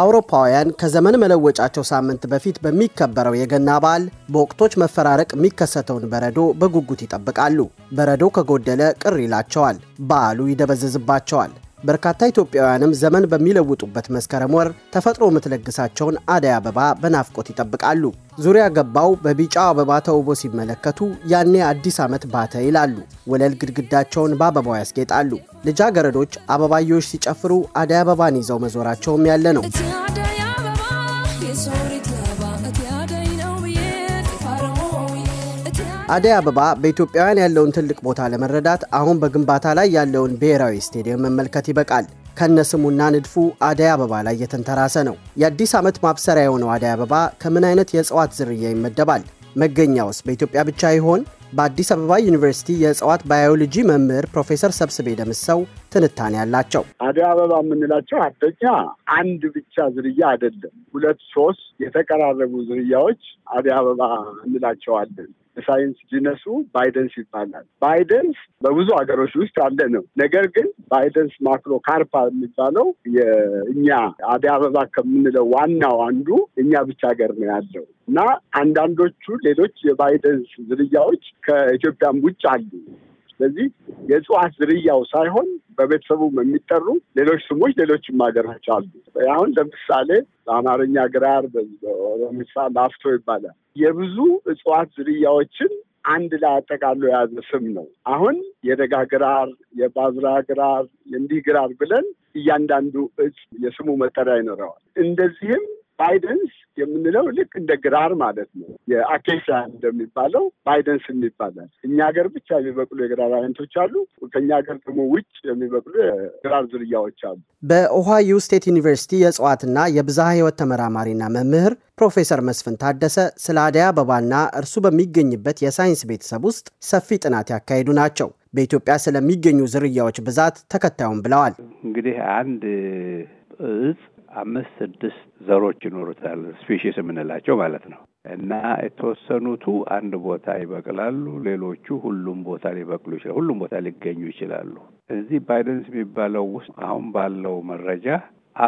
አውሮፓውያን ከዘመን መለወጫቸው ሳምንት በፊት በሚከበረው የገና በዓል በወቅቶች መፈራረቅ የሚከሰተውን በረዶ በጉጉት ይጠብቃሉ። በረዶ ከጎደለ ቅር ይላቸዋል፣ በዓሉ ይደበዘዝባቸዋል። በርካታ ኢትዮጵያውያንም ዘመን በሚለውጡበት መስከረም ወር ተፈጥሮ የምትለግሳቸውን አደይ አበባ በናፍቆት ይጠብቃሉ። ዙሪያ ገባው በቢጫ አበባ ተውቦ ሲመለከቱ ያኔ አዲስ ዓመት ባተ ይላሉ። ወለል ግድግዳቸውን በአበባው ያስጌጣሉ። ልጃገረዶች አበባዮች ሲጨፍሩ አደይ አበባን ይዘው መዞራቸውም ያለ ነው። አደይ አበባ በኢትዮጵያውያን ያለውን ትልቅ ቦታ ለመረዳት አሁን በግንባታ ላይ ያለውን ብሔራዊ ስቴዲየም መመልከት ይበቃል። ከነስሙና ንድፉ አደይ አበባ ላይ የተንተራሰ ነው። የአዲስ ዓመት ማብሰሪያ የሆነው አደይ አበባ ከምን አይነት የእጽዋት ዝርያ ይመደባል? መገኛውስ በኢትዮጵያ ብቻ ይሆን? በአዲስ አበባ ዩኒቨርሲቲ የእጽዋት ባዮሎጂ መምህር ፕሮፌሰር ሰብስቤ ደምሰው ትንታኔ ያላቸው አደይ አበባ የምንላቸው አንደኛ አንድ ብቻ ዝርያ አይደለም፣ ሁለት ሶስት የተቀራረቡ ዝርያዎች አደይ አበባ እንላቸዋለን። ሳይንስ ጂነሱ ባይደንስ ይባላል። ባይደንስ በብዙ ሀገሮች ውስጥ አለ ነው። ነገር ግን ባይደንስ ማክሮ ካርፓ የሚባለው የእኛ አዲስ አበባ ከምንለው ዋናው አንዱ እኛ ብቻ ሀገር ነው ያለው እና አንዳንዶቹ ሌሎች የባይደንስ ዝርያዎች ከኢትዮጵያም ውጭ አሉ። ስለዚህ የእጽዋት ዝርያው ሳይሆን በቤተሰቡም የሚጠሩ ሌሎች ስሞች፣ ሌሎችም ሀገሮች አሉ። አሁን ለምሳሌ በአማርኛ ግራር፣ በኦሮምኛ ላፍቶ ይባላል። የብዙ እጽዋት ዝርያዎችን አንድ ላይ አጠቃሎ የያዘ ስም ነው። አሁን የደጋ ግራር፣ የባዝራ ግራር፣ የእንዲህ ግራር ብለን እያንዳንዱ እጽ የስሙ መጠሪያ ይኖረዋል። እንደዚህም ባይደንስ የምንለው ልክ እንደ ግራር ማለት ነው። የአኬሻ እንደሚባለው ባይደንስ የሚባላል። እኛ ሀገር ብቻ የሚበቅሉ የግራር አይነቶች አሉ። ከኛ ሀገር ደግሞ ውጭ የሚበቅሉ የግራር ዝርያዎች አሉ። በኦሃዮ ስቴት ዩኒቨርሲቲ የእጽዋትና የብዝሃ ህይወት ተመራማሪና መምህር ፕሮፌሰር መስፍን ታደሰ ስለ አደይ አበባና እርሱ በሚገኝበት የሳይንስ ቤተሰብ ውስጥ ሰፊ ጥናት ያካሄዱ ናቸው። በኢትዮጵያ ስለሚገኙ ዝርያዎች ብዛት ተከታዩም ብለዋል። እንግዲህ አንድ እጽ አምስት ስድስት ዘሮች ይኖሩታል ስፔሽስ የምንላቸው ማለት ነው። እና የተወሰኑቱ አንድ ቦታ ይበቅላሉ፣ ሌሎቹ ሁሉም ቦታ ሊበቅሉ ይችላሉ፣ ሁሉም ቦታ ሊገኙ ይችላሉ። እዚህ ባይደንስ የሚባለው ውስጥ አሁን ባለው መረጃ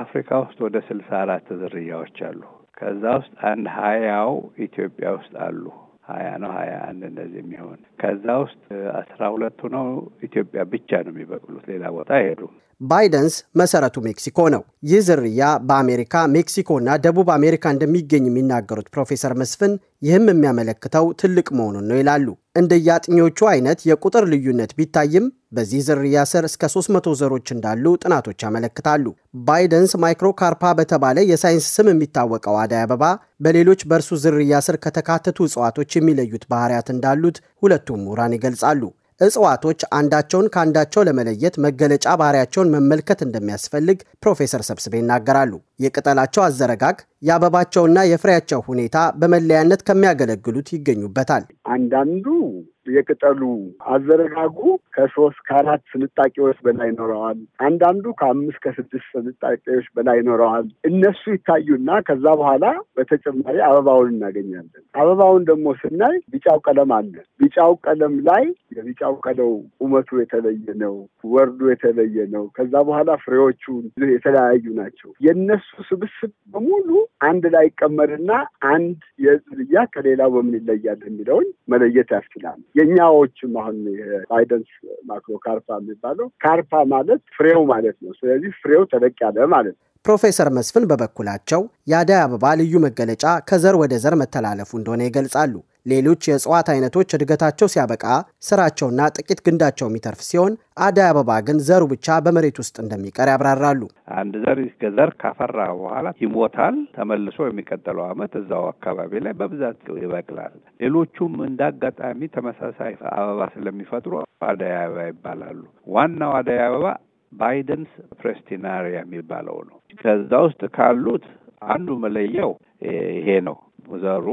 አፍሪካ ውስጥ ወደ ስልሳ አራት ዝርያዎች አሉ። ከዛ ውስጥ አንድ ሀያው ኢትዮጵያ ውስጥ አሉ። ሀያ ነው ሀያ አንድ እንደዚህ የሚሆን ከዛ ውስጥ አስራ ሁለቱ ነው ኢትዮጵያ ብቻ ነው የሚበቅሉት ሌላ ቦታ አይሄዱም። ባይደንስ መሰረቱ ሜክሲኮ ነው። ይህ ዝርያ በአሜሪካ ሜክሲኮና ደቡብ አሜሪካ እንደሚገኝ የሚናገሩት ፕሮፌሰር መስፍን ይህም የሚያመለክተው ትልቅ መሆኑን ነው ይላሉ። እንደየአጥኚዎቹ አይነት የቁጥር ልዩነት ቢታይም በዚህ ዝርያ ስር እስከ 300 ዘሮች እንዳሉ ጥናቶች ያመለክታሉ። ባይደንስ ማይክሮካርፓ በተባለ የሳይንስ ስም የሚታወቀው አደይ አበባ በሌሎች በእርሱ ዝርያ ስር ከተካተቱ እጽዋቶች የሚለዩት ባህሪያት እንዳሉት ሁለቱም ምሁራን ይገልጻሉ። እጽዋቶች አንዳቸውን ከአንዳቸው ለመለየት መገለጫ ባህሪያቸውን መመልከት እንደሚያስፈልግ ፕሮፌሰር ሰብስቤ ይናገራሉ። የቅጠላቸው አዘረጋግ፣ የአበባቸውና የፍሬያቸው ሁኔታ በመለያነት ከሚያገለግሉት ይገኙበታል። አንዳንዱ የቅጠሉ አዘረጋጉ ከሶስት ከአራት ስንጣቂዎች በላይ ይኖረዋል። አንዳንዱ ከአምስት ከስድስት ስንጣቂዎች በላይ ይኖረዋል። እነሱ ይታዩና ከዛ በኋላ በተጨማሪ አበባውን እናገኛለን። አበባውን ደግሞ ስናይ ቢጫው ቀለም አለ። ቢጫው ቀለም ላይ የቢጫው ቀለው ቁመቱ የተለየ ነው፣ ወርዱ የተለየ ነው። ከዛ በኋላ ፍሬዎቹ የተለያዩ ናቸው። የእነሱ ስብስብ በሙሉ አንድ ላይ ይቀመርና አንድ የዝርያ ከሌላው በምን ይለያል የሚለውን መለየት ያስችላል። የእኛዎችም አሁን ባይደንስ ማክሮ ካርፓ የሚባለው ካርፓ ማለት ፍሬው ማለት ነው። ስለዚህ ፍሬው ተለቅ ያለ ማለት ነው። ፕሮፌሰር መስፍን በበኩላቸው የአደይ አበባ ልዩ መገለጫ ከዘር ወደ ዘር መተላለፉ እንደሆነ ይገልጻሉ። ሌሎች የእጽዋት አይነቶች እድገታቸው ሲያበቃ ስራቸውና ጥቂት ግንዳቸው የሚተርፍ ሲሆን አደይ አበባ ግን ዘሩ ብቻ በመሬት ውስጥ እንደሚቀር ያብራራሉ። አንድ ዘር ከዘር ካፈራ በኋላ ይሞታል። ተመልሶ የሚቀጥለው ዓመት እዛው አካባቢ ላይ በብዛት ይበቅላል። ሌሎቹም እንዳጋጣሚ ተመሳሳይ አበባ ስለሚፈጥሩ አደይ አበባ ይባላሉ። ዋናው አደይ አበባ ባይደንስ ፕሬስቲናሪያ የሚባለው ነው። ከዛ ውስጥ ካሉት አንዱ መለያው ይሄ ነው ዘሩ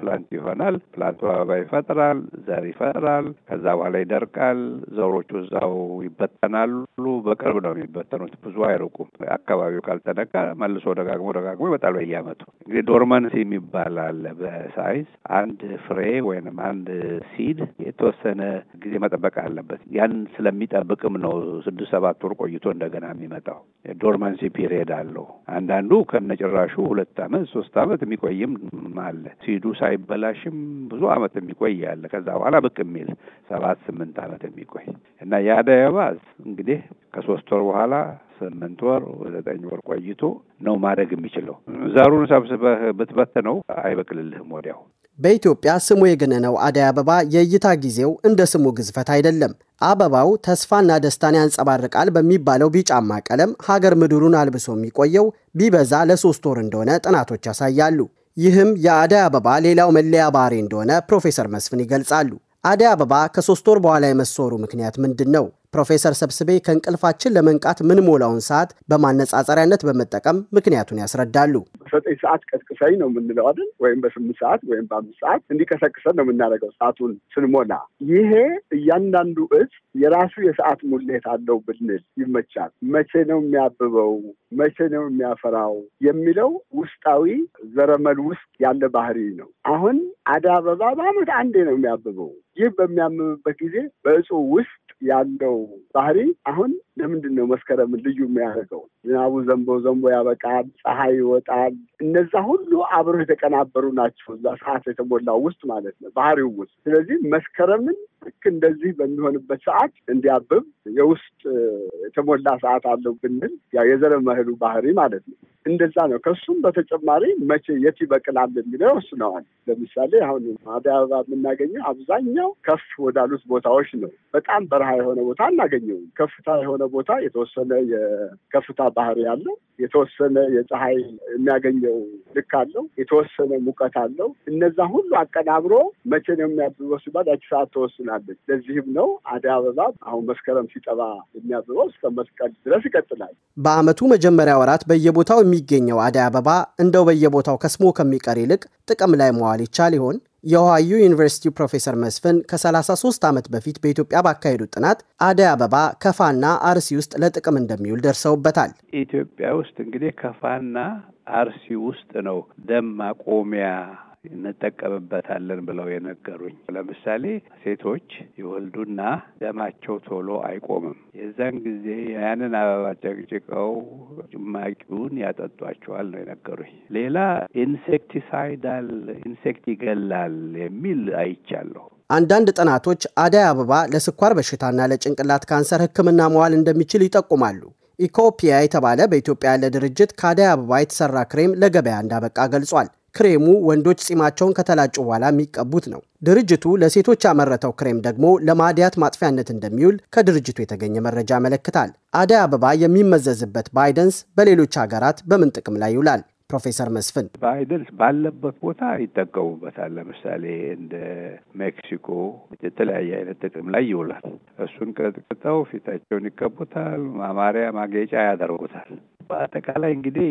ፕላንት ይሆናል። ፕላንቱ አበባ ይፈጥራል፣ ዘር ይፈጥራል። ከዛ በኋላ ይደርቃል። ዘሮቹ እዛው ይበተናሉ። በቅርብ ነው የሚበተኑት፣ ብዙ አይርቁም። አካባቢው ካልተነካ መልሶ ደጋግሞ ደጋግሞ ይመጣል በየአመቱ እንግዲህ ዶርመንሲ የሚባል አለ በሳይንስ አንድ ፍሬ ወይንም አንድ ሲድ የተወሰነ ጊዜ መጠበቅ አለበት። ያን ስለሚጠብቅም ነው ስድስት ሰባት ወር ቆይቶ እንደገና የሚመጣው። ዶርመንሲ ፒሪየድ አለው። አንዳንዱ ከነጭራሹ ሁለት አመት ሶስት አመት የሚቆይም አለ ሲዱ ሳይበላሽም ብዙ አመት የሚቆይ ያለ ከዛ በኋላ ብቅ የሚል ሰባት ስምንት አመት የሚቆይ እና የአደይ አበባ እንግዲህ ከሶስት ወር በኋላ ስምንት ወር ዘጠኝ ወር ቆይቶ ነው ማደግ የሚችለው። ዘሩን ሰብስበህ ብትበትነው አይበቅልልህም ወዲያው። በኢትዮጵያ ስሙ የገነነው አደይ አበባ የእይታ ጊዜው እንደ ስሙ ግዝፈት አይደለም። አበባው ተስፋና ደስታን ያንጸባርቃል በሚባለው ቢጫማ ቀለም ሀገር ምድሩን አልብሶ የሚቆየው ቢበዛ ለሶስት ወር እንደሆነ ጥናቶች ያሳያሉ። ይህም የአደይ አበባ ሌላው መለያ ባህሪ እንደሆነ ፕሮፌሰር መስፍን ይገልጻሉ። አደይ አበባ ከሶስት ወር በኋላ የመሰወሩ ምክንያት ምንድን ነው? ፕሮፌሰር ሰብስቤ ከእንቅልፋችን ለመንቃት ምንሞላውን ሰዓት በማነጻጸሪያነት በመጠቀም ምክንያቱን ያስረዳሉ። በዘጠኝ ሰዓት ቀስቅሰኝ ነው የምንለው አይደል? ወይም በስምንት ሰዓት ወይም በአምስት ሰዓት እንዲቀሰቅሰን ነው የምናደርገው ሰዓቱን ስንሞላ። ይሄ እያንዳንዱ እጽ የራሱ የሰዓት ሙሌት አለው ብንል ይመቻል። መቼ ነው የሚያብበው፣ መቼ ነው የሚያፈራው የሚለው ውስጣዊ ዘረመል ውስጥ ያለ ባህሪ ነው። አሁን አዳ አበባ በአመት አንዴ ነው የሚያብበው። ይህ በሚያምብበት ጊዜ በእጹ ውስጥ ያለው ባህሪ አሁን ለምንድን ነው መስከረም ልዩ የሚያደርገው? ዝናቡ ዘንቦ ዘንቦ ያበቃል፣ ፀሐይ ይወጣል። እነዛ ሁሉ አብረው የተቀናበሩ ናቸው እዛ ሰዓት የተሞላው ውስጥ ማለት ነው ባህሪው ውስጥ። ስለዚህ መስከረምን ልክ እንደዚህ በሚሆንበት ሰዓት እንዲያብብ የውስጥ የተሞላ ሰዓት አለው ብንል ያው የዘረመሉ ባህሪ ማለት ነው። እንደዛ ነው። ከሱም በተጨማሪ መቼ የት ይበቅላል የሚለው ወስነዋል። ለምሳሌ አሁን አደይ አበባ የምናገኘው አብዛኛው ከፍ ወዳሉት ቦታዎች ነው። በጣም በረሃ የሆነ ቦታ አናገኘውም። ከፍታ የሆነ ቦታ የተወሰነ የከፍታ ባህሪ አለው። የተወሰነ የፀሐይ የሚያገኘው ልክ አለው፣ የተወሰነ ሙቀት አለው። እነዛ ሁሉ አቀናብሮ መቼ ነው የሚያብበው ሲባል ያቺ ሰዓት ተወስናለች። ለዚህም ነው አደይ አበባ አሁን መስከረም ሲጠባ የሚያብበው እስከ መስቀል ድረስ ይቀጥላል። በዓመቱ መጀመሪያ ወራት በየቦታው የሚገኘው አደይ አበባ እንደው በየቦታው ከስሞ ከሚቀር ይልቅ ጥቅም ላይ መዋል ይቻል ይሆን? የኦሃዮ ዩኒቨርሲቲ ፕሮፌሰር መስፍን ከ33 ዓመት በፊት በኢትዮጵያ ባካሄዱ ጥናት አደይ አበባ ከፋና አርሲ ውስጥ ለጥቅም እንደሚውል ደርሰውበታል። ኢትዮጵያ ውስጥ እንግዲህ ከፋና አርሲ ውስጥ ነው ደም ማቆሚያ እንጠቀምበታለን ብለው የነገሩኝ። ለምሳሌ ሴቶች ይወልዱና ደማቸው ቶሎ አይቆምም። የዛን ጊዜ ያንን አበባ ጨቅጭቀው ጭማቂውን ያጠጧቸዋል ነው የነገሩኝ። ሌላ ኢንሴክቲሳይዳል ኢንሴክት ይገላል የሚል አይቻለሁ። አንዳንድ ጥናቶች አደይ አበባ ለስኳር በሽታና ለጭንቅላት ካንሰር ሕክምና መዋል እንደሚችል ይጠቁማሉ። ኢኮፒያ የተባለ በኢትዮጵያ ያለ ድርጅት ከአደይ አበባ የተሰራ ክሬም ለገበያ እንዳበቃ ገልጿል። ክሬሙ ወንዶች ጺማቸውን ከተላጩ በኋላ የሚቀቡት ነው። ድርጅቱ ለሴቶች ያመረተው ክሬም ደግሞ ለማዲያት ማጥፊያነት እንደሚውል ከድርጅቱ የተገኘ መረጃ ያመለክታል። አደይ አበባ የሚመዘዝበት ባይደንስ በሌሎች ሀገራት በምን ጥቅም ላይ ይውላል? ፕሮፌሰር መስፍን ባይደንስ ባለበት ቦታ ይጠቀሙበታል። ለምሳሌ እንደ ሜክሲኮ የተለያየ አይነት ጥቅም ላይ ይውላል። እሱን ቀጥቅጠው ፊታቸውን ይቀቡታል፣ ማማሪያ ማጌጫ ያደርጉታል። በአጠቃላይ እንግዲህ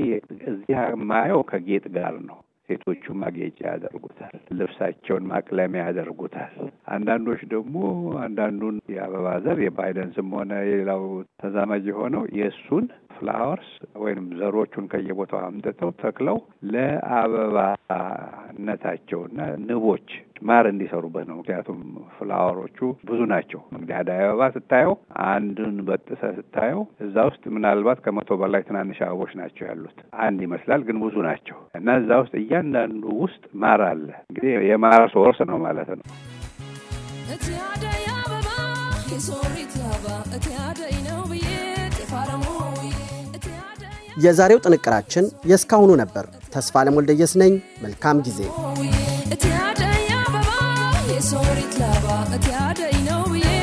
እዚህ ማየው ከጌጥ ጋር ነው። ሴቶቹ ማጌጫ ያደርጉታል፣ ልብሳቸውን ማቅለሚያ ያደርጉታል። አንዳንዶች ደግሞ አንዳንዱን የአበባ ዘር የባይደን ስም ሆነ የሌላው ተዛማጅ የሆነው የእሱን ፍላወርስ ወይም ዘሮቹን ከየቦታው አምጥተው ተክለው ለአበባነታቸውና ንቦች ማር እንዲሰሩበት ነው። ምክንያቱም ፍላወሮቹ ብዙ ናቸው። እንግዲህ አደይ አበባ ስታየው አንዱን በጥሰ ስታየው እዛ ውስጥ ምናልባት ከመቶ በላይ ትናንሽ አበቦች ናቸው ያሉት። አንድ ይመስላል ግን ብዙ ናቸው እና እዛ ውስጥ እያንዳንዱ ውስጥ ማር አለ። እንግዲህ የማር ሶርስ ነው ማለት ነው። የዛሬው ጥንቅራችን የእስካሁኑ ነበር። ተስፋ ለሞልደየስ ነኝ። መልካም ጊዜ sooriit laba ati aadaa inoo biyya.